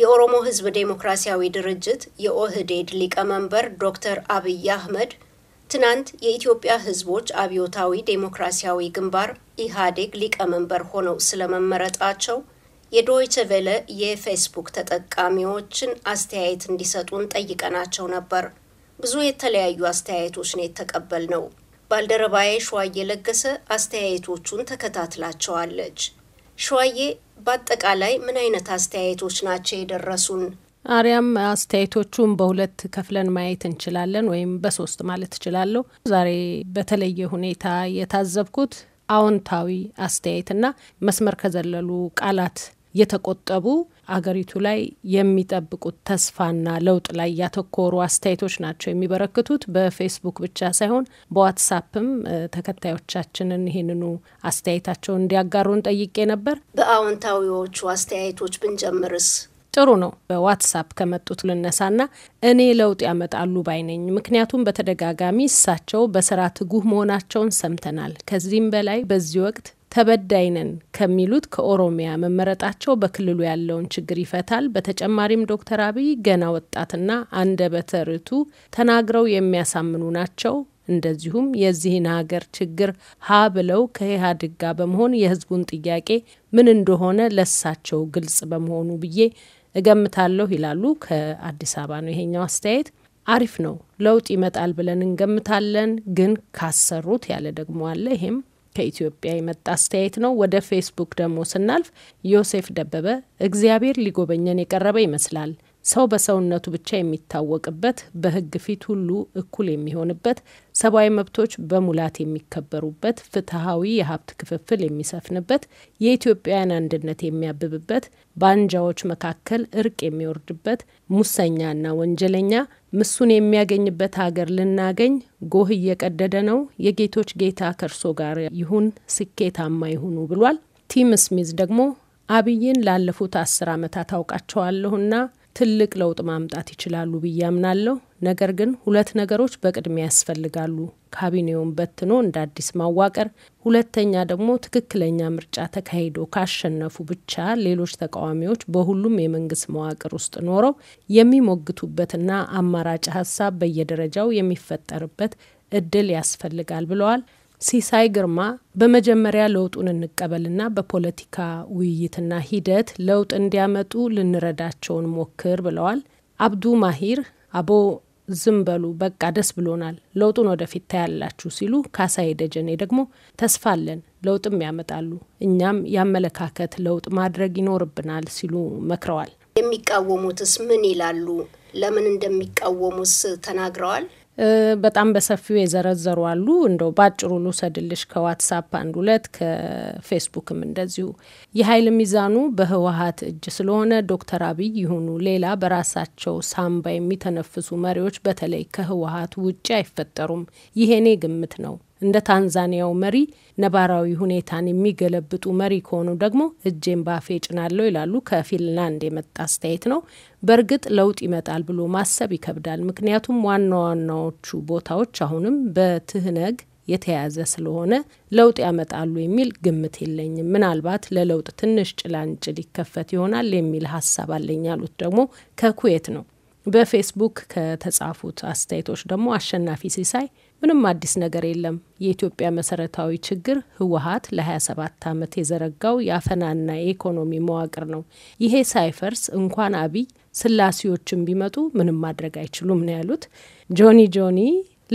የኦሮሞ ሕዝብ ዴሞክራሲያዊ ድርጅት የኦህዴድ ሊቀመንበር ዶክተር አብይ አህመድ ትናንት የኢትዮጵያ ሕዝቦች አብዮታዊ ዴሞክራሲያዊ ግንባር ኢህአዴግ ሊቀመንበር ሆነው ስለመመረጣቸው የዶይቸ ቬለ የፌስቡክ ተጠቃሚዎችን አስተያየት እንዲሰጡን ጠይቀናቸው ነበር። ብዙ የተለያዩ አስተያየቶች ነው የተቀበልነው። ባልደረባዬ ሸዋዬ ለገሰ አስተያየቶቹን ተከታትላቸዋለች። ሸዋዬ በአጠቃላይ ምን አይነት አስተያየቶች ናቸው የደረሱን? አርያም አስተያየቶቹን በሁለት ከፍለን ማየት እንችላለን፣ ወይም በሶስት ማለት እችላለሁ። ዛሬ በተለየ ሁኔታ የታዘብኩት አዎንታዊ አስተያየትና መስመር ከዘለሉ ቃላት የተቆጠቡ አገሪቱ ላይ የሚጠብቁት ተስፋና ለውጥ ላይ ያተኮሩ አስተያየቶች ናቸው የሚበረክቱት። በፌስቡክ ብቻ ሳይሆን በዋትሳፕም ተከታዮቻችንን ይህንኑ አስተያየታቸውን እንዲያጋሩን ጠይቄ ነበር። በአዎንታዊዎቹ አስተያየቶች ብንጀምርስ? ጥሩ ነው። በዋትሳፕ ከመጡት ልነሳና እኔ ለውጥ ያመጣሉ ባይነኝ። ምክንያቱም በተደጋጋሚ እሳቸው በስራ ትጉህ መሆናቸውን ሰምተናል። ከዚህም በላይ በዚህ ወቅት ተበዳይ ነን ከሚሉት ከኦሮሚያ መመረጣቸው በክልሉ ያለውን ችግር ይፈታል። በተጨማሪም ዶክተር አብይ ገና ወጣትና አንደበተ ርቱዕ ተናግረው የሚያሳምኑ ናቸው። እንደዚሁም የዚህን ሀገር ችግር ሀ ብለው ከኢህአዴግ ጋር በመሆን የህዝቡን ጥያቄ ምን እንደሆነ ለሳቸው ግልጽ በመሆኑ ብዬ እገምታለሁ ይላሉ። ከአዲስ አበባ ነው ይሄኛው አስተያየት። አሪፍ ነው። ለውጥ ይመጣል ብለን እንገምታለን፣ ግን ካሰሩት ያለ ደግሞ አለ። ይሄም ከኢትዮጵያ የመጣ አስተያየት ነው። ወደ ፌስቡክ ደግሞ ስናልፍ ዮሴፍ ደበበ እግዚአብሔር ሊጎበኘን የቀረበ ይመስላል ሰው በሰውነቱ ብቻ የሚታወቅበት በህግ ፊት ሁሉ እኩል የሚሆንበት ሰብአዊ መብቶች በሙላት የሚከበሩበት ፍትሐዊ የሀብት ክፍፍል የሚሰፍንበት የኢትዮጵያውያን አንድነት የሚያብብበት በአንጃዎች መካከል እርቅ የሚወርድበት ሙሰኛና ወንጀለኛ ምሱን የሚያገኝበት ሀገር ልናገኝ ጎህ እየቀደደ ነው። የጌቶች ጌታ ከእርሶ ጋር ይሁን፣ ስኬታማ ይሁኑ ብሏል። ቲም ስሚዝ ደግሞ አብይን ላለፉት አስር ዓመታት አውቃቸዋለሁና ትልቅ ለውጥ ማምጣት ይችላሉ ብዬ አምናለሁ። ነገር ግን ሁለት ነገሮች በቅድሚያ ያስፈልጋሉ። ካቢኔውን በትኖ እንደ አዲስ ማዋቀር፣ ሁለተኛ ደግሞ ትክክለኛ ምርጫ ተካሂዶ ካሸነፉ ብቻ ሌሎች ተቃዋሚዎች በሁሉም የመንግስት መዋቅር ውስጥ ኖረው የሚሞግቱበትና አማራጭ ሀሳብ በየደረጃው የሚፈጠርበት እድል ያስፈልጋል ብለዋል። ሲሳይ ግርማ በመጀመሪያ ለውጡን እንቀበልና በፖለቲካ ውይይትና ሂደት ለውጥ እንዲያመጡ ልንረዳቸውን ሞክር ብለዋል። አብዱ ማሂር አቦ ዝም በሉ በቃ ደስ ብሎናል፣ ለውጡን ወደፊት ታያላችሁ ሲሉ፣ ካሳይ ደጀኔ ደግሞ ተስፋ አለን ለውጥም ያመጣሉ፣ እኛም የአመለካከት ለውጥ ማድረግ ይኖርብናል ሲሉ መክረዋል። የሚቃወሙትስ ምን ይላሉ? ለምን እንደሚቃወሙስ ተናግረዋል። በጣም በሰፊው የዘረዘሩ አሉ። እንደው በአጭሩ ልውሰድልሽ። ከዋትሳፕ አንድ ሁለት፣ ከፌስቡክም እንደዚሁ የኃይል ሚዛኑ በህወሀት እጅ ስለሆነ ዶክተር አብይ ይሁኑ ሌላ በራሳቸው ሳምባ የሚተነፍሱ መሪዎች በተለይ ከህወሀት ውጭ አይፈጠሩም። ይሄኔ ግምት ነው። እንደ ታንዛኒያው መሪ ነባራዊ ሁኔታን የሚገለብጡ መሪ ከሆኑ ደግሞ እጄን ባፌ ጭናለው ይላሉ። ከፊንላንድ የመጣ አስተያየት ነው። በእርግጥ ለውጥ ይመጣል ብሎ ማሰብ ይከብዳል። ምክንያቱም ዋና ዋናዎቹ ቦታዎች አሁንም በትህነግ የተያዘ ስለሆነ ለውጥ ያመጣሉ የሚል ግምት የለኝም። ምናልባት ለለውጥ ትንሽ ጭላንጭል ይከፈት ይሆናል የሚል ሀሳብ አለኝ ያሉት ደግሞ ከኩዌት ነው። በፌስቡክ ከተጻፉት አስተያየቶች ደግሞ አሸናፊ ሲሳይ ምንም አዲስ ነገር የለም። የኢትዮጵያ መሰረታዊ ችግር ህወሀት ለ27 ዓመት የዘረጋው የአፈናና የኢኮኖሚ መዋቅር ነው። ይሄ ሳይፈርስ እንኳን አብይ ስላሴዎችን ቢመጡ ምንም ማድረግ አይችሉም ነው ያሉት። ጆኒ ጆኒ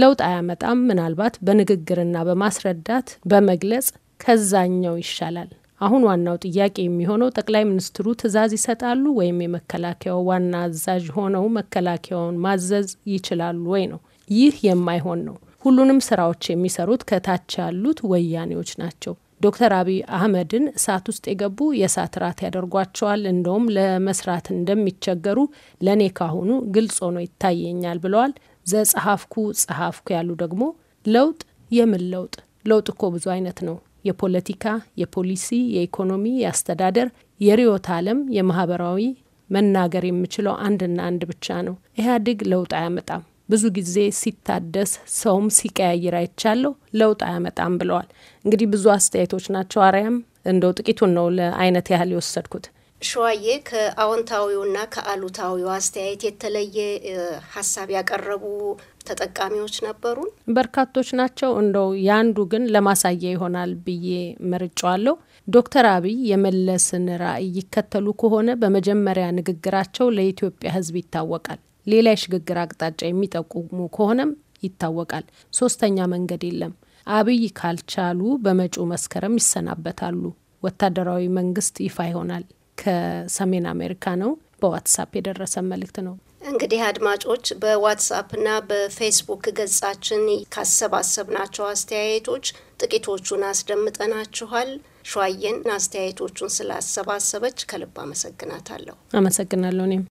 ለውጥ አያመጣም፣ ምናልባት በንግግርና በማስረዳት በመግለጽ ከዛኛው ይሻላል። አሁን ዋናው ጥያቄ የሚሆነው ጠቅላይ ሚኒስትሩ ትዕዛዝ ይሰጣሉ ወይም የመከላከያው ዋና አዛዥ ሆነው መከላከያውን ማዘዝ ይችላሉ ወይ ነው። ይህ የማይሆን ነው። ሁሉንም ስራዎች የሚሰሩት ከታች ያሉት ወያኔዎች ናቸው። ዶክተር አብይ አህመድን እሳት ውስጥ የገቡ የእሳት ራት ያደርጓቸዋል፣ እንደውም ለመስራት እንደሚቸገሩ ለእኔ ካሁኑ ግልጽ ሆኖ ይታየኛል ብለዋል። ዘጸሐፍኩ ጸሐፍኩ ያሉ ደግሞ ለውጥ የምን ለውጥ? ለውጥ እኮ ብዙ አይነት ነው የፖለቲካ፣ የፖሊሲ፣ የኢኮኖሚ፣ የአስተዳደር፣ የርዕዮተ ዓለም፣ የማህበራዊ መናገር የምችለው አንድና አንድ ብቻ ነው። ኢህአዴግ ለውጥ አያመጣም፣ ብዙ ጊዜ ሲታደስ ሰውም ሲቀያይር አይቻለሁ፣ ለውጥ አያመጣም ብለዋል። እንግዲህ ብዙ አስተያየቶች ናቸው። አርያም እንደው ጥቂቱን ነው ለአይነት ያህል የወሰድኩት። ሸዋዬ ከአዎንታዊውና ከአሉታዊው አስተያየት የተለየ ሀሳብ ያቀረቡ ተጠቃሚዎች ነበሩ። በርካቶች ናቸው። እንደው ያንዱ ግን ለማሳያ ይሆናል ብዬ መርጫዋለሁ። ዶክተር አብይ የመለስን ራዕይ ይከተሉ ከሆነ በመጀመሪያ ንግግራቸው ለኢትዮጵያ ሕዝብ ይታወቃል። ሌላ የሽግግር አቅጣጫ የሚጠቁሙ ከሆነም ይታወቃል። ሶስተኛ መንገድ የለም። አብይ ካልቻሉ በመጪው መስከረም ይሰናበታሉ። ወታደራዊ መንግስት ይፋ ይሆናል። ከሰሜን አሜሪካ ነው። በዋትሳፕ የደረሰ መልእክት ነው። እንግዲህ አድማጮች በዋትሳፕና በፌስቡክ ገጻችን ካሰባሰብናቸው አስተያየቶች ጥቂቶቹን አስደምጠናችኋል። ሸዋየን አስተያየቶቹን ስላሰባሰበች ከልብ አመሰግናታለሁ። አመሰግናለሁ እኔም